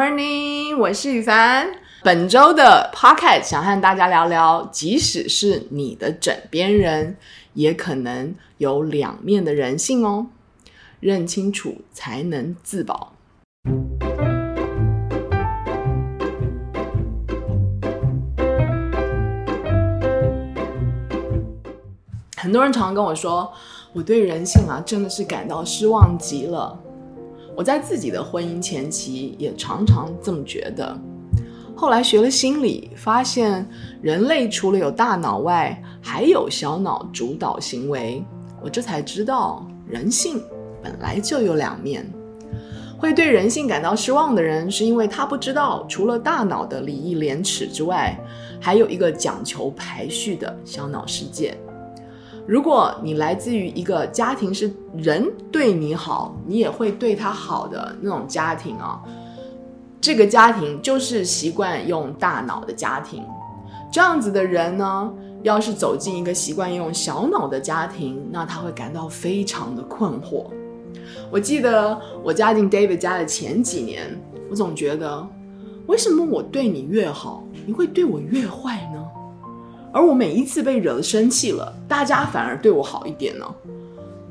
Morning，我是宇凡。本週的 Podcast 想和大家聊聊，即使是你的枕邊人，也可能有兩面的人性哦。認清楚才能自保。很多人常常跟我說，我對人性啊，真的是感到失望極了。我在自己的婚姻前期也常常這麼覺得，後來學了心理，發現人類除了有大腦外，還有小腦主導行為。我這才知道，人性本來就有兩面。會對人性感到失望的人，是因為他不知道，除了大腦的禮義廉恥之外，還有一個講求排序的小腦世界。如果你來自於一個家庭，是人對你好，你也會對他好的那種家庭啊，這個家庭就是習慣用大腦的家庭。這樣子的人呢，要是走進一個習慣用小腦的家庭，那他會感到非常的困惑。我記得我嫁進 David 家的前幾年，我總覺得為什麼我對你越好，你會對我越壞呢？而我每一次被惹得生氣了，大家反而對我好一點呢。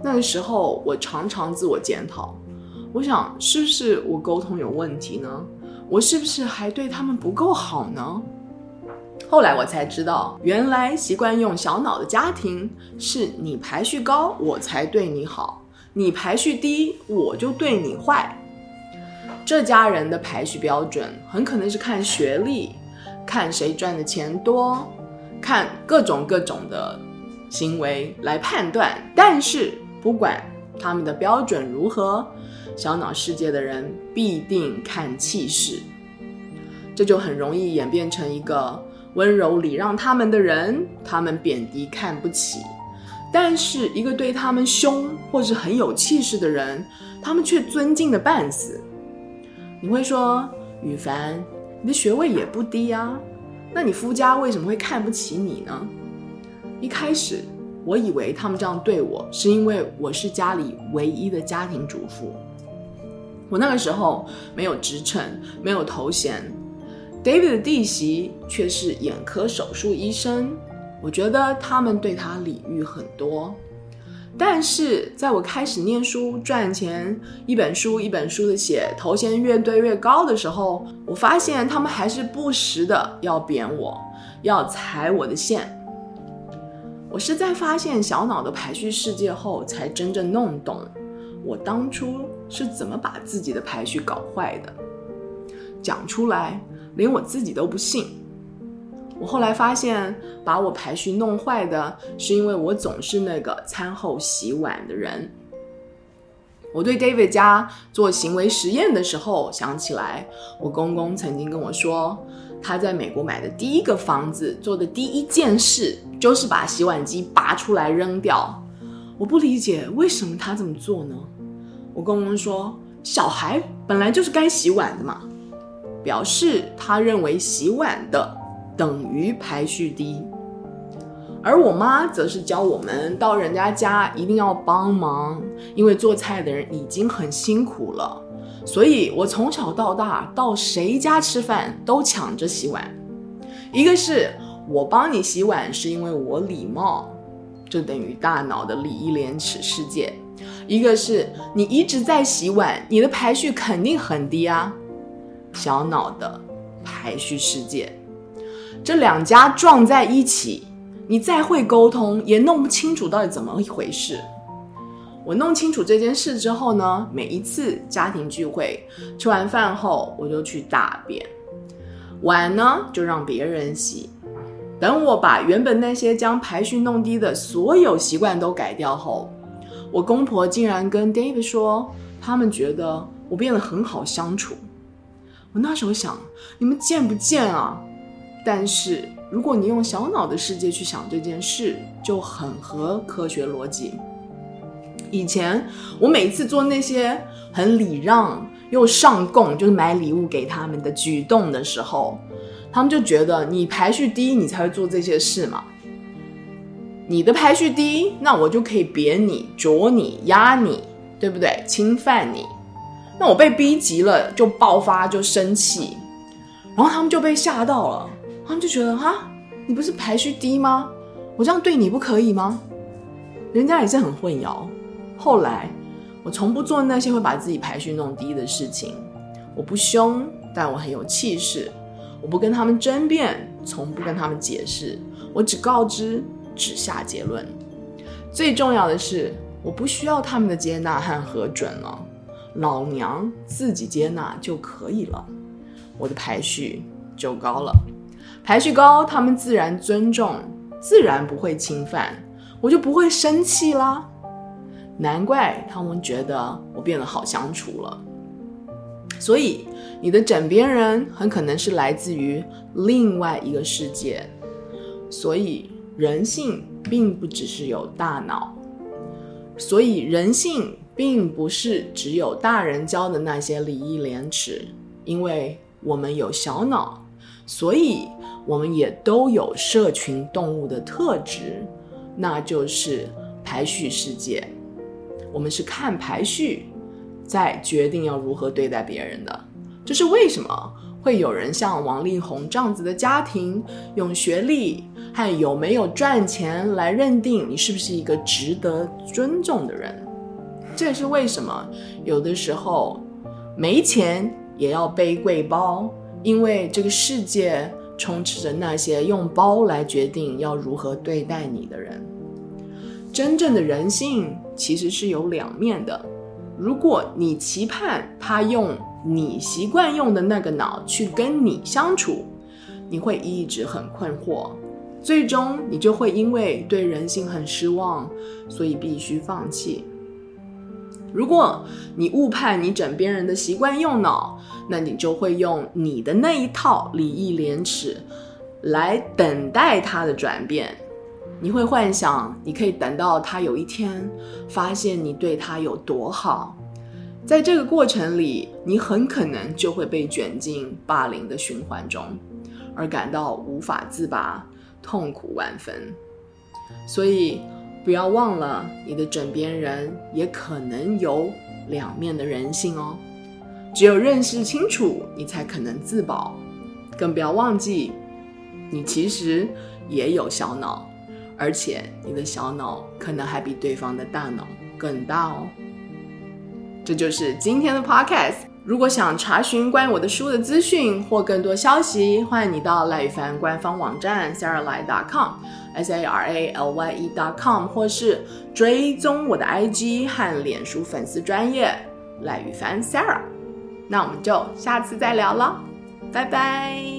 那個時候，我常常自我檢討，我想是不是我溝通有問題呢？我是不是還對他們不夠好呢？後來我才知道，原來習慣用小腦的家庭是你排序高，我才對你好；你排序低，我就對你壞。這家人的排序標準很可能是看學歷，看誰賺的錢多。看各種各種的行為來判斷，但是不管他們的標準如何，小腦世界的人必定看氣勢，這就很容易演變成一個溫柔禮讓他們的人，他們貶低看不起；但是一個對他們凶或是很有氣勢的人，他們卻尊敬的半死。你會說宇凡，你的學位也不低啊。那你夫家為什麼會看不起你呢？一開始我以為他們這樣對我，是因為我是家裡唯一的家庭主婦。我那個時候沒有職稱，沒有頭銜，David 的弟媳卻是眼科手術醫生，我覺得他們對他禮遇很多。但是在我開始念書、賺錢，一本書一本書的寫，頭銜越堆越高的時候，我發現他們還是不時的要貶我，要踩我的線。我是在發現小腦的排序世界後，才真正弄懂，我當初是怎麼把自己的排序搞壞的。講出來，連我自己都不信。我後來發現，把我排序弄壞的是因為我總是那個餐後洗碗的人。我對 David 家做行為實驗的時候，想起來我公公曾經跟我說，他在美國買的第一個房子做的第一件事就是把洗碗機拔出來扔掉。我不理解為什麼他這麼做呢？我公公說，小孩本來就是該洗碗的嘛，表示他認為洗碗的。等於排序低，而我媽則是教我們到人家家一定要幫忙，因為做菜的人已經很辛苦了。所以，我從小到大到誰家吃飯都搶着洗碗。一個是我幫你洗碗是因為我禮貌，這等於大腦的禮義廉恥世界；一個是你一直在洗碗，你的排序肯定很低啊，小腦的排序世界。這兩家撞在一起，你再會溝通也弄不清楚到底怎麼回事。我弄清楚這件事之後呢，每一次家庭聚會吃完飯後，我就去大便，碗呢就讓別人洗。等我把原本那些將排序弄低的所有習慣都改掉後，我公婆竟然跟 David 說，他們覺得我變得很好相處。我那時候想，你們賤不賤啊？但是，如果你用小腦的世界去想這件事，就很合科學邏輯。以前我每次做那些很禮讓又上供，就是買禮物給他們的舉動的時候，他們就覺得你排序低，你才會做這些事嘛。你的排序低，那我就可以貶你、啄你、壓你，對不對？侵犯你，那我被逼急了就爆發、就生氣，然後他們就被嚇到了。他們就覺得哈，你不是排序低嗎？我這樣對你不可以嗎？人家也是很混淆。後來，我從不做那些會把自己排序弄低的事情。我不凶，但我很有氣勢。我不跟他們爭辯，從不跟他們解釋，我只告知，只下結論。最重要的是，我不需要他們的接納和核准了，老娘自己接納就可以了，我的排序就高了。排序高，他們自然尊重，自然不會侵犯，我就不會生氣啦。難怪他們覺得我變得好相處了。所以，你的枕邊人很可能是來自於另外一個世界。所以，人性並不只是有大腦。所以，人性並不是只有大人教的那些禮義廉恥，因為我們有小腦，所以。我們也都有社群動物的特質，那就是排序世界。我們是看排序，在決定要如何對待別人的。這是為什麼會有人像王力宏這樣子的家庭，用學歷還有沒有賺錢來認定你是不是一個值得尊重的人？這也是為什麼有的時候沒錢也要背貴包，因為這個世界。充斥着那些用包來決定要如何對待你的人，真正的人性其實是有兩面的。如果你期盼他用你習慣用的那個腦去跟你相處，你會一直很困惑，最終你就會因為對人性很失望，所以必須放棄。如果你誤判你枕邊人的習慣用腦，那你就會用你的那一套禮義廉恥來等待他的轉變，你會幻想你可以等到他有一天發現你對他有多好，在這個過程裡，你很可能就會被捲進霸凌的循環中，而感到無法自拔，痛苦萬分。所以。不要忘了，你的枕邊人也可能有兩面的人性哦。只有認識清楚，你才可能自保。更不要忘記，你其實也有小腦，而且你的小腦可能還比對方的大腦更大哦。這就是今天的 Podcast。如果想查詢關於我的書的資訊或更多消息，歡迎你到賴宇凡官方網站 saralye.com，S A R A L Y E dot com，或是追蹤我的 IG 和臉書粉絲專頁，賴宇凡 Sara。那我們就下次再聊了，拜拜。